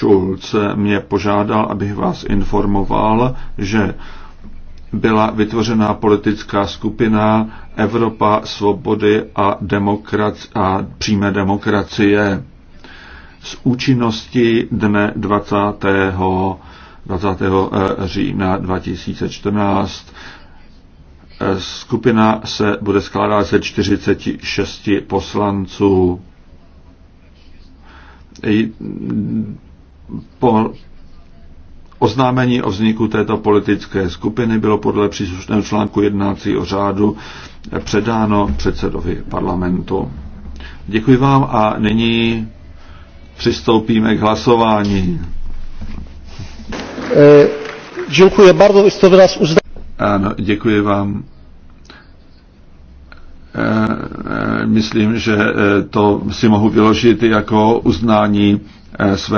Schulz mě požádal, abych vás informoval, že byla vytvořena politická skupina Evropa svobody a, demokrac- a přímé demokracie s účinností dne 20. 20. Eh, října 2014. Skupina se bude skládat ze 46 poslanců po oznámení o vzniku této politické skupiny bylo podle příslušného článku jednacího řádu předáno předsedovi parlamentu. Děkuji vám a nyní přistoupíme k hlasování. E, děkuji bardzo, to vás uzná... Ano, děkuji vám. E, e, myslím, že to si mohu vyložit jako uznání své